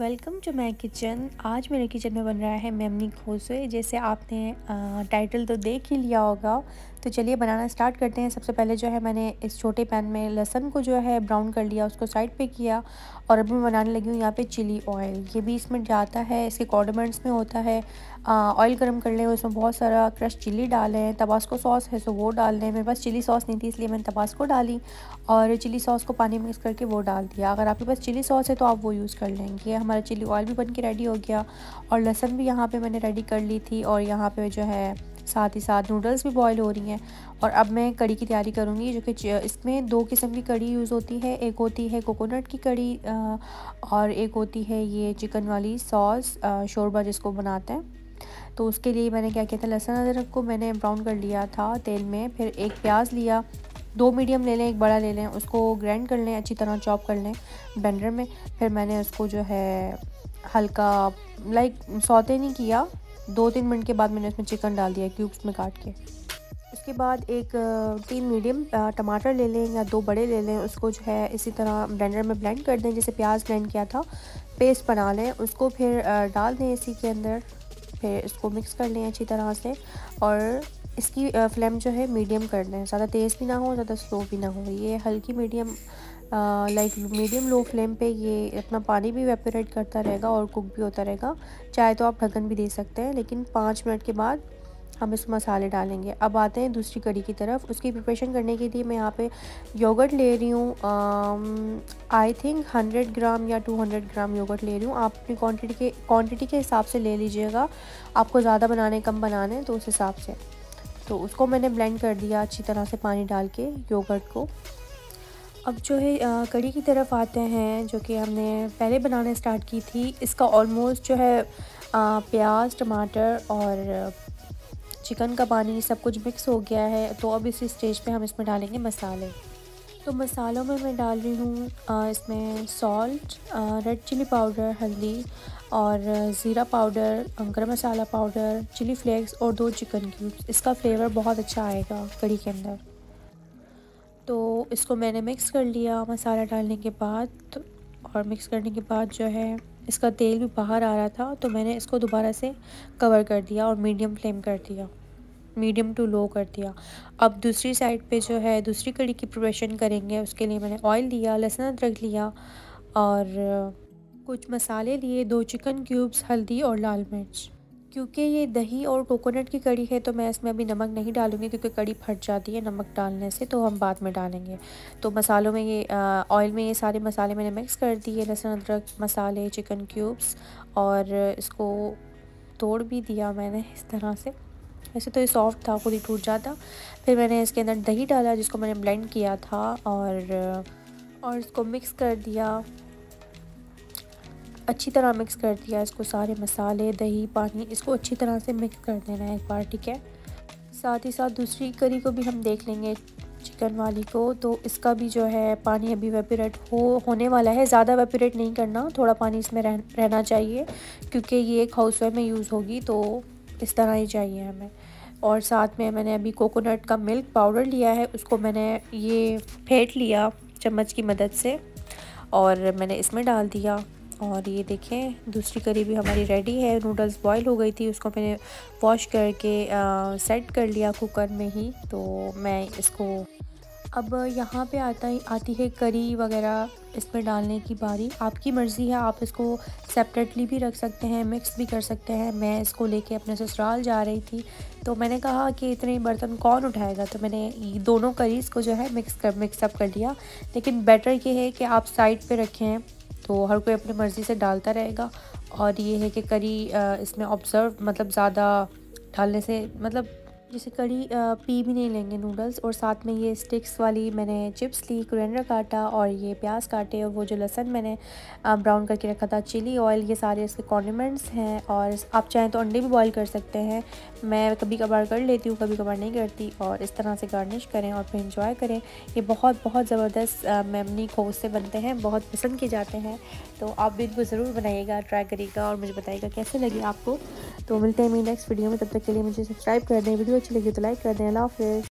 welcome to my kitchen आज मेरे kitchen में बन रहा है मेमनी खोसे जैसे आपने टाइटल तो देख ही लिया होगा तो चलिए बनाना स्टार्ट करते हैं सबसे पहले जो है मैंने इस छोटे पैन में लहसन को जो है ब्राउन कर लिया उसको साइड पे किया और अभी मैं बनाने लगी हूँ यहाँ पे चिली ऑयल ये भी इसमें जाता है इसके कॉर्डमेंट्स में होता है ऑयल गर्म कर लें उसमें बहुत सारा क्रश चिली डालें तबास्को सॉस है सो वो डाल लें मेरे पास चिली सॉस नहीं थी इसलिए मैंने तबास्को डाली और चिली सॉस को पानी मिक्स करके वो डाल दिया अगर आपके पास चिली सॉस है तो आप वो यूज़ कर लेंगे हम हमारा चिली ऑयल भी बन के रेडी हो गया और लहसन भी यहाँ पे मैंने रेडी कर ली थी और यहाँ पे जो है साथ ही साथ नूडल्स भी बॉईल हो रही हैं और अब मैं कड़ी की तैयारी करूँगी जो कि इसमें दो किस्म की कड़ी यूज़ होती है एक होती है कोकोनट की कड़ी और एक होती है ये चिकन वाली सॉस शोरबा जिसको बनाते हैं तो उसके लिए मैंने क्या किया था लहसुन अदरक को मैंने ब्राउन कर लिया था तेल में फिर एक प्याज लिया दो मीडियम ले लें एक बड़ा ले लें उसको ग्राइंड कर लें अच्छी तरह चॉप कर लें ब्लेंडर में फिर मैंने उसको जो है हल्का लाइक सौते नहीं किया दो तीन मिनट के बाद मैंने उसमें चिकन डाल दिया क्यूब्स में काट के उसके बाद एक तीन मीडियम टमाटर ले लें या दो बड़े ले लें उसको जो है इसी तरह ब्लेंडर में ब्लेंड कर दें जैसे प्याज ब्लेंड किया था पेस्ट बना लें उसको फिर डाल दें इसी के अंदर फिर इसको मिक्स कर लें अच्छी तरह से और इसकी फ्लेम जो है मीडियम कर दें ज़्यादा तेज़ भी ना हो ज़्यादा स्लो भी ना हो ये हल्की medium like medium low flame पे ये अपना पानी भी वेपोरेट करता रहेगा और कुक भी होता रहेगा चाहे तो आप ढक्कन भी दे सकते हैं लेकिन पाँच मिनट के बाद हम इस मसाले डालेंगे अब आते हैं दूसरी कड़ी की तरफ उसकी प्रिपरेशन करने के लिए मैं यहाँ पे योगर्ट ले रही हूँ आई थिंक 100 ग्राम या 200 ग्राम योगर्ट ले रही हूँ आप अपनी क्वांटिटी के क्वांटिटी के हिसाब से ले लीजिएगा आपको ज़्यादा बनाने कम बनाने तो उस हिसाब से तो उसको मैंने ब्लेंड कर दिया अच्छी तरह से पानी डाल के योगर्ट को अब जो है कड़ी की तरफ आते हैं जो कि हमने पहले बनाना स्टार्ट की थी इसका ऑलमोस्ट जो है प्याज टमाटर और चिकन का पानी सब कुछ मिक्स हो गया है तो अब इसी स्टेज पे हम इसमें डालेंगे मसाले तो मसालों में मैं डाल रही हूँ इसमें सॉल्ट रेड चिली पाउडर हल्दी और ज़ीरा पाउडर गर्म मसाला पाउडर चिली फ्लेक्स और दो चिकन क्यूब्स इसका फ्लेवर बहुत अच्छा आएगा कड़ी के अंदर तो इसको मैंने मिक्स कर लिया मसाला डालने के बाद और मिक्स करने के बाद जो है इसका तेल भी बाहर आ रहा था तो मैंने इसको दोबारा से कवर कर दिया और मीडियम फ्लेम कर दिया मीडियम टू लो कर दिया अब दूसरी साइड पे जो है दूसरी कड़ी की प्रिपरेशन करेंगे उसके लिए मैंने ऑयल लिया लहसुन अदरक लिया और कुछ मसाले लिए दो चिकन क्यूब्स हल्दी और लाल मिर्च क्योंकि ये दही और कोकोनट की कड़ी है तो मैं इसमें अभी नमक नहीं डालूंगी क्योंकि कड़ी फट जाती है नमक डालने से तो हम बाद में डालेंगे तो मसालों में ये ऑयल में ये सारे मसाले मैंने मिक्स कर दिए लहसुन अदरक मसाले चिकन क्यूब्स और इसको तोड़ भी दिया मैंने इस तरह से वैसे तो ये सॉफ्ट था खुद ही टूट जाता फिर मैंने इसके अंदर दही डाला जिसको मैंने ब्लेंड किया था और और इसको मिक्स कर दिया अच्छी तरह मिक्स कर दिया इसको सारे मसाले दही पानी इसको अच्छी तरह से मिक्स कर देना है एक बार ठीक है साथ ही साथ दूसरी करी को भी हम देख लेंगे चिकन वाली को तो इसका भी जो है पानी अभी वेपोरेट हो होने वाला है ज़्यादा वेपोरेट नहीं करना थोड़ा पानी इसमें रह, रहना चाहिए क्योंकि ये एक हाउसवेयर में यूज़ होगी तो इस तरह ही चाहिए हमें और साथ में मैंने अभी कोकोनट का मिल्क पाउडर लिया है उसको मैंने ये फेंट लिया चम्मच की मदद से और मैंने इसमें डाल दिया और ये देखें दूसरी करी भी हमारी रेडी है नूडल्स बॉईल हो गई थी उसको मैंने वॉश करके आ, सेट कर लिया कुकर में ही तो मैं इसको अब यहाँ पे आता ही आती है करी वगैरह इसमें डालने की बारी आपकी मर्ज़ी है आप इसको सेपरेटली भी रख सकते हैं मिक्स भी कर सकते हैं मैं इसको लेके अपने ससुराल जा रही थी तो मैंने कहा कि इतने बर्तन कौन उठाएगा तो मैंने दोनों करीज़ को जो है मिक्स कर मिक्सअप कर लिया लेकिन बेटर ये है कि आप साइड पर रखें तो हर कोई अपनी मर्ज़ी से डालता रहेगा और ये है कि करी इसमें ऑब्ज़र्व मतलब ज़्यादा डालने से मतलब जैसे कड़ी पी भी नहीं लेंगे नूडल्स और साथ में ये स्टिक्स वाली मैंने चिप्स ली कुरेंडर काटा और ये प्याज काटे और वो जो लहसन मैंने ब्राउन करके रखा था चिली ऑयल ये सारे इसके कॉन्डिमेंट्स हैं और आप चाहें तो अंडे भी बॉईल कर सकते हैं मैं कभी कभार कर लेती हूँ कभी कभार नहीं करती और इस तरह से गार्निश करें और फिर इंजॉय करें ये बहुत बहुत ज़बरदस्त मेमनी से बनते हैं बहुत पसंद किए जाते हैं तो आप भी इनको ज़रूर बनाइएगा ट्राई करिएगा और मुझे बताइएगा कैसे लगे आपको तो मिलते हैं मेरी नेक्स्ट वीडियो में तब तक के लिए मुझे सब्सक्राइब कर दें वीडियो अच्छी लगी तो लाइक कर दें अल्लाह हाफिज़